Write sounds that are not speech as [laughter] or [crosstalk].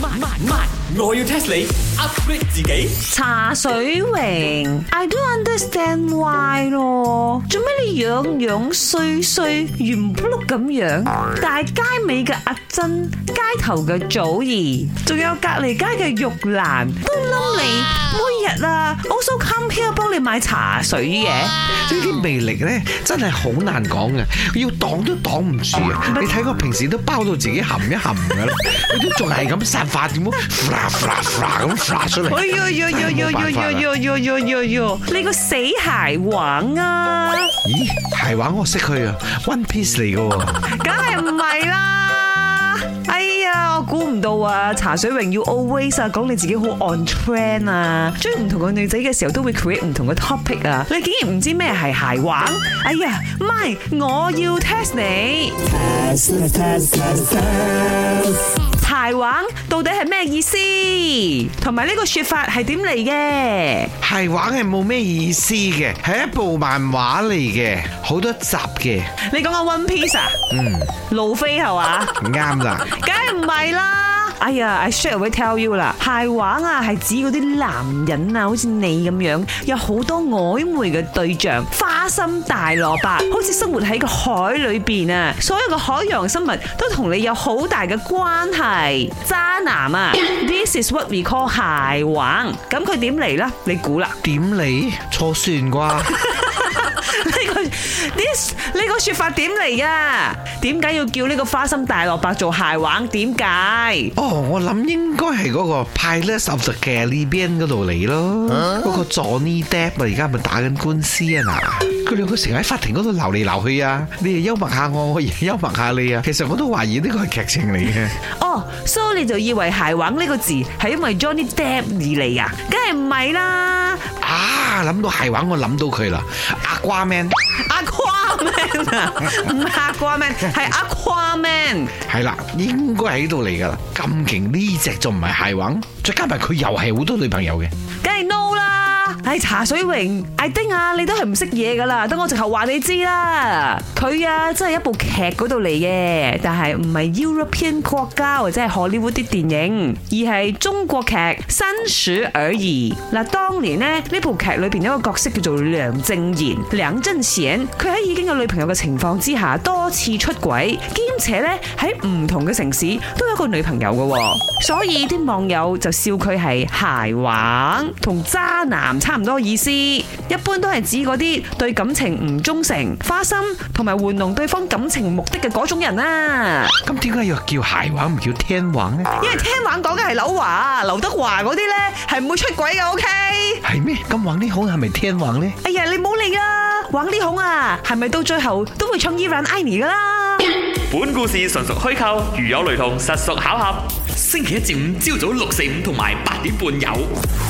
My, my, my. 我要 test 你 upgrade 自己。茶水榮，I don't understand why 咯，做咩你仰仰碎碎碎碎碎樣樣衰衰圓碌碌咁樣？ [laughs] 大街尾嘅阿珍，街頭嘅祖兒，仲有隔籬街嘅玉蘭，都冧你。幫你買茶水嘅，呢啲魅力咧真係好難講嘅，要擋都擋唔住啊！你睇我平時都包到自己含一含噶啦，佢都仲係咁散發，點樣？咁出嚟？哎呦呦呦呦呦呦呦呦呦呦！你個死海王啊？咦，海王我識佢啊，One Piece 嚟噶，梗係唔係啦，哎。到啊，茶水榮要 always 啊，講你自己好 on train 啊，追唔同嘅女仔嘅時候都會 create 唔同嘅 topic 啊，你竟然唔知咩係鞋玩？哎呀，媽，我要 test 你。鞋玩到底係咩意思？同埋呢個說法係點嚟嘅？鞋玩係冇咩意思嘅，係一部漫畫嚟嘅，好多集嘅。你講下 One Piece 啊？嗯。路飛係嘛？啱啦，梗係唔係啦。哎呀，I shall tell you 啦，蟹王啊，係指嗰啲男人啊，好似你咁樣，有好多曖昧嘅對象，花心大蘿蔔，好似生活喺個海裏邊啊，所有嘅海洋生物都同你有好大嘅關係，渣男啊，This is what we call 蟹王，咁佢點嚟呢？你估啦？點嚟？坐船啩？呢個。呢呢個說法點嚟噶？點解要叫呢個花心大蘿蔔做鞋王？點解？哦，oh, 我諗應該係嗰個《Pirates of the Caribbean》嗰度嚟咯。嗰個 Johnny Depp 而家咪打緊官司啊嗱，佢兩個成日喺法庭嗰度鬧嚟鬧去啊。你哋幽默下我，我而家幽默下你啊。其實我都懷疑呢個係劇情嚟嘅。哦，所以你就以為鞋王呢個字係因為 Johnny Depp 而嚟啊？梗係唔係啦。啊，諗到蟹玩，我諗到佢啦，阿瓜 man，阿瓜 man 啊，唔係阿瓜 man，係阿瓜 man，係啦，應該喺度嚟噶啦，咁勁呢隻就唔係蟹玩，再加埋佢又係好多女朋友嘅，梗係 no。係茶水榮，艾丁啊，你都係唔識嘢噶啦，等我直頭話你知啦。佢啊，真係一部劇嗰度嚟嘅，但係唔係 European 國家或者係 Hollywood 啲電影，而係中國劇，身鼠而已。嗱，當年呢，呢部劇裏邊有一個角色叫做梁正賢，梁正賢，佢喺已經有女朋友嘅情況之下，多次出軌，兼且呢喺唔同嘅城市都有一個女朋友噶，所以啲網友就笑佢係鞋玩同渣男。差唔多意思，一般都係指嗰啲對感情唔忠誠、花心同埋玩弄對方感情目的嘅嗰種人啊！咁點解要叫海王唔叫天王呢？因為天王講嘅係劉華、劉德華嗰啲呢，係唔會出軌嘅。O K 係咩？咁王力宏係咪天王呢？哎呀，你唔好嚟啦！王力宏啊，係咪、啊、到最後都會唱依然愛你噶啦？Er、本故事純屬虛構，如有雷同，實屬巧合。星期一至五朝早六四五同埋八點半有。